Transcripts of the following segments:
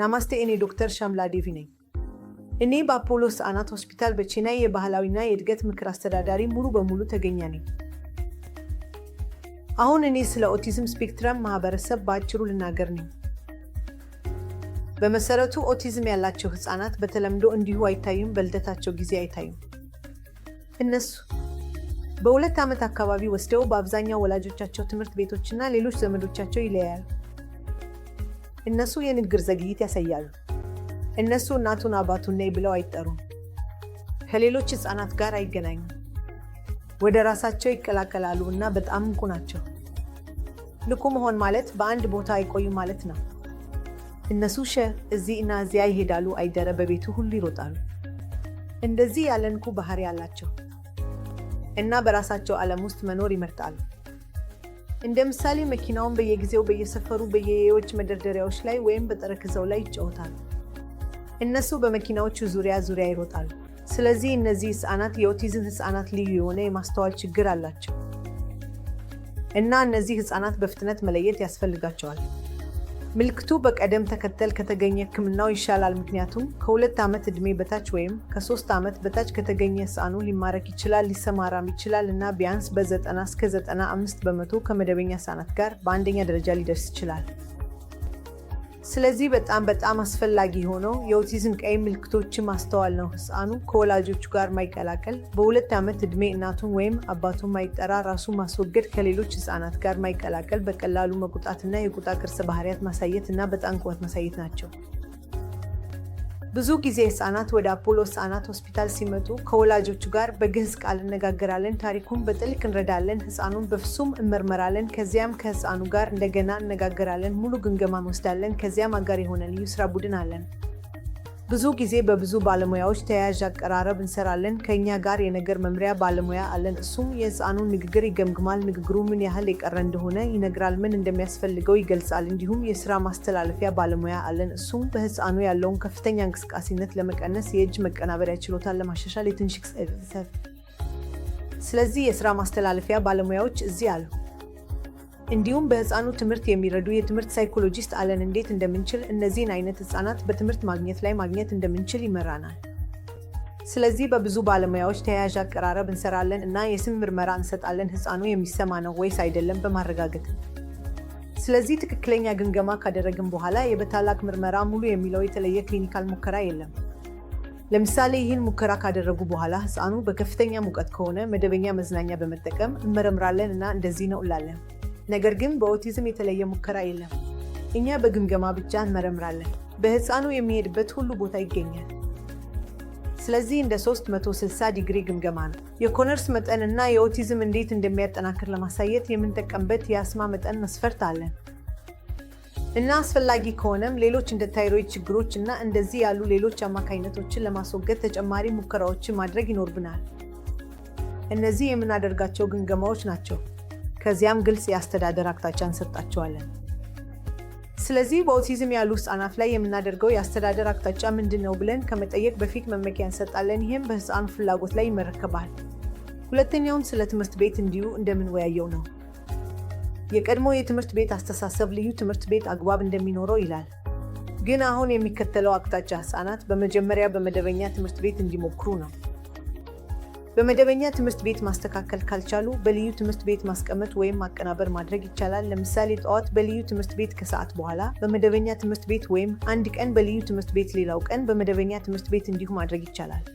ናማስቴ እኔ ዶክተር ሻምላ ዴቪ ነኝ። እኔ በአፖሎ ሰአናት ሆስፒታል በቼናይ የባህላዊና የእድገት ምክር አስተዳዳሪ ሙሉ በሙሉ ተገኘ ነኝ። አሁን እኔ ስለ ኦቲዝም ስፔክትረም ማህበረሰብ በአጭሩ ልናገር ነኝ። በመሰረቱ ኦቲዝም ያላቸው ህፃናት በተለምዶ እንዲሁ አይታዩም፣ በልደታቸው ጊዜ አይታዩም። እነሱ በሁለት ዓመት አካባቢ ወስደው በአብዛኛው ወላጆቻቸው፣ ትምህርት ቤቶችና ሌሎች ዘመዶቻቸው ይለያያሉ። እነሱ የንግግር ዘግይት ያሳያሉ። እነሱ እናቱን አባቱን ነይ ብለው አይጠሩም። ከሌሎች ሕፃናት ጋር አይገናኙም። ወደ ራሳቸው ይቀላቀላሉ እና በጣም ንቁ ናቸው። ልኩ መሆን ማለት በአንድ ቦታ አይቆዩ ማለት ነው። እነሱ ሸ እዚህ እና እዚያ ይሄዳሉ፣ አይደረ በቤቱ ሁሉ ይሮጣሉ። እንደዚህ ያለ ንቁ ባህሪ ያላቸው እና በራሳቸው ዓለም ውስጥ መኖር ይመርጣሉ። እንደ ምሳሌ መኪናውን በየጊዜው በየሰፈሩ በየየዎች መደርደሪያዎች ላይ ወይም በጠረጴዛው ላይ ይጫወታል። እነሱ በመኪናዎቹ ዙሪያ ዙሪያ ይሮጣሉ። ስለዚህ እነዚህ ህፃናት የኦቲዝም ህፃናት ልዩ የሆነ የማስተዋል ችግር አላቸው እና እነዚህ ህፃናት በፍጥነት መለየት ያስፈልጋቸዋል። ምልክቱ በቀደም ተከተል ከተገኘ ህክምናው ይሻላል። ምክንያቱም ከሁለት ዓመት ዕድሜ በታች ወይም ከሶስት ዓመት በታች ከተገኘ ህፃኑ ሊማረክ ይችላል፣ ሊሰማራም ይችላል እና ቢያንስ በ90 እስከ 95 በመቶ ከመደበኛ ህፃናት ጋር በአንደኛ ደረጃ ሊደርስ ይችላል። ስለዚህ በጣም በጣም አስፈላጊ የሆነው የኦቲዝም ቀይ ምልክቶችን ማስተዋል ነው። ህፃኑ ከወላጆቹ ጋር ማይቀላቀል፣ በሁለት ዓመት ዕድሜ እናቱን ወይም አባቱን ማይጠራ፣ ራሱ ማስወገድ፣ ከሌሎች ህፃናት ጋር ማይቀላቀል፣ በቀላሉ መቁጣትና የቁጣ ቅርጽ ባህሪያት ማሳየት እና በጣም ቁወት ማሳየት ናቸው። ብዙ ጊዜ ህፃናት ወደ አፖሎ ህፃናት ሆስፒታል ሲመጡ ከወላጆቹ ጋር በግዕዝ ቃል እነጋገራለን፣ ታሪኩን በጥልቅ እንረዳለን፣ ህፃኑን በፍሱም እንመርመራለን። ከዚያም ከህፃኑ ጋር እንደገና እነጋገራለን፣ ሙሉ ግምገማ እንወስዳለን። ከዚያም አጋር የሆነ ልዩ ስራ ቡድን አለን። ብዙ ጊዜ በብዙ ባለሙያዎች ተያያዥ አቀራረብ እንሰራለን። ከእኛ ጋር የነገር መምሪያ ባለሙያ አለን። እሱም የህፃኑን ንግግር ይገምግማል። ንግግሩ ምን ያህል የቀረ እንደሆነ ይነግራል፣ ምን እንደሚያስፈልገው ይገልጻል። እንዲሁም የስራ ማስተላለፊያ ባለሙያ አለን። እሱም በህፃኑ ያለውን ከፍተኛ እንቅስቃሴነት ለመቀነስ፣ የእጅ መቀናበሪያ ችሎታን ለማሻሻል፣ የትንሽ ስለዚህ የስራ ማስተላለፊያ ባለሙያዎች እዚህ አሉ። እንዲሁም በህፃኑ ትምህርት የሚረዱ የትምህርት ሳይኮሎጂስት አለን እንዴት እንደምንችል እነዚህን አይነት ህፃናት በትምህርት ማግኘት ላይ ማግኘት እንደምንችል ይመራናል። ስለዚህ በብዙ ባለሙያዎች ተያያዥ አቀራረብ እንሰራለን እና የስም ምርመራ እንሰጣለን ህፃኑ የሚሰማ ነው ወይስ አይደለም በማረጋገጥ ስለዚህ ትክክለኛ ግምገማ ካደረግን በኋላ የበታላቅ ምርመራ ሙሉ የሚለው የተለየ ክሊኒካል ሙከራ የለም። ለምሳሌ ይህን ሙከራ ካደረጉ በኋላ ህፃኑ በከፍተኛ ሙቀት ከሆነ መደበኛ መዝናኛ በመጠቀም እንመረምራለን እና እንደዚህ ነው እላለን። ነገር ግን በኦቲዝም የተለየ ሙከራ የለም። እኛ በግምገማ ብቻ እንመረምራለን። በህፃኑ የሚሄድበት ሁሉ ቦታ ይገኛል። ስለዚህ እንደ 360 ዲግሪ ግምገማ ነው። የኮነርስ መጠን እና የኦቲዝም እንዴት እንደሚያጠናክር ለማሳየት የምንጠቀምበት የአስማ መጠን መስፈርት አለን እና አስፈላጊ ከሆነም ሌሎች እንደ ታይሮይድ ችግሮች እና እንደዚህ ያሉ ሌሎች አማካኝነቶችን ለማስወገድ ተጨማሪ ሙከራዎችን ማድረግ ይኖርብናል። እነዚህ የምናደርጋቸው ግምገማዎች ናቸው። ከዚያም ግልጽ የአስተዳደር አቅጣጫ እንሰጣቸዋለን። ስለዚህ በኦቲዝም ያሉ ህጻናት ላይ የምናደርገው የአስተዳደር አቅጣጫ ምንድን ነው ብለን ከመጠየቅ በፊት መመኪያ እንሰጣለን። ይህም በህፃኑ ፍላጎት ላይ ይመረከባል። ሁለተኛውን ስለ ትምህርት ቤት እንዲሁ እንደምንወያየው ነው። የቀድሞ የትምህርት ቤት አስተሳሰብ ልዩ ትምህርት ቤት አግባብ እንደሚኖረው ይላል። ግን አሁን የሚከተለው አቅጣጫ ህፃናት በመጀመሪያ በመደበኛ ትምህርት ቤት እንዲሞክሩ ነው። በመደበኛ ትምህርት ቤት ማስተካከል ካልቻሉ በልዩ ትምህርት ቤት ማስቀመጥ ወይም ማቀናበር ማድረግ ይቻላል። ለምሳሌ ጠዋት በልዩ ትምህርት ቤት ከሰዓት በኋላ በመደበኛ ትምህርት ቤት ወይም አንድ ቀን በልዩ ትምህርት ቤት ሌላው ቀን በመደበኛ ትምህርት ቤት እንዲሁ ማድረግ ይቻላል።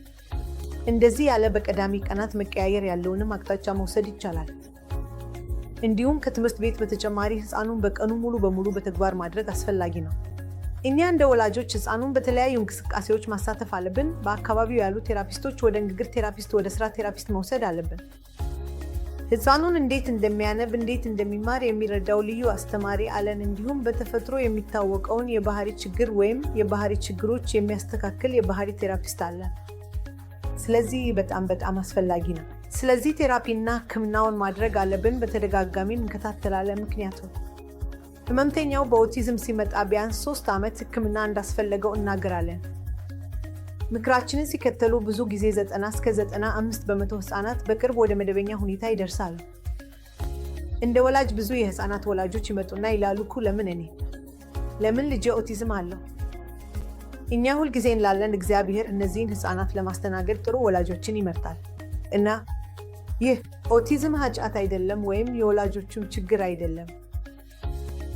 እንደዚህ ያለ በቀዳሚ ቀናት መቀያየር ያለውንም አቅጣጫ መውሰድ ይቻላል። እንዲሁም ከትምህርት ቤት በተጨማሪ ህፃኑን በቀኑ ሙሉ በሙሉ በተግባር ማድረግ አስፈላጊ ነው። እኛ እንደ ወላጆች ህፃኑን በተለያዩ እንቅስቃሴዎች ማሳተፍ አለብን። በአካባቢው ያሉ ቴራፒስቶች ወደ ንግግር ቴራፒስት፣ ወደ ስራ ቴራፒስት መውሰድ አለብን። ህፃኑን እንዴት እንደሚያነብ እንዴት እንደሚማር የሚረዳው ልዩ አስተማሪ አለን። እንዲሁም በተፈጥሮ የሚታወቀውን የባህሪ ችግር ወይም የባህሪ ችግሮች የሚያስተካክል የባህሪ ቴራፒስት አለን። ስለዚህ በጣም በጣም አስፈላጊ ነው። ስለዚህ ቴራፒና ህክምናውን ማድረግ አለብን። በተደጋጋሚ እንከታተላለን ምክንያቱም ህመምተኛው በኦቲዝም ሲመጣ ቢያንስ ሶስት ዓመት ህክምና እንዳስፈለገው እናገራለን። ምክራችንን ሲከተሉ ብዙ ጊዜ 90 እስከ 95 በመቶ ህፃናት በቅርብ ወደ መደበኛ ሁኔታ ይደርሳሉ። እንደ ወላጅ ብዙ የህፃናት ወላጆች ይመጡና ይላሉ እኮ ለምን እኔ ለምን ልጄ ኦቲዝም አለው? እኛ ሁልጊዜ እንላለን እግዚአብሔር እነዚህን ህፃናት ለማስተናገድ ጥሩ ወላጆችን ይመርጣል እና ይህ ኦቲዝም ኃጢአት አይደለም ወይም የወላጆቹም ችግር አይደለም።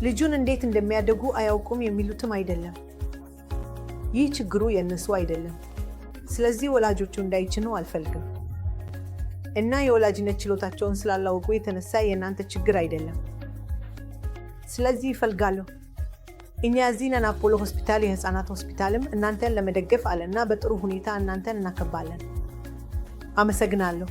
ልጁን እንዴት እንደሚያደጉ አያውቁም የሚሉትም አይደለም። ይህ ችግሩ የእነሱ አይደለም። ስለዚህ ወላጆቹ እንዳይችኑ አልፈልግም እና የወላጅነት ችሎታቸውን ስላላወቁ የተነሳ የእናንተ ችግር አይደለም። ስለዚህ ይፈልጋለሁ። እኛ እዚህ ነን፣ አፖሎ ሆስፒታል፣ የህፃናት ሆስፒታልም እናንተን ለመደገፍ አለና በጥሩ ሁኔታ እናንተን እናከባለን። አመሰግናለሁ።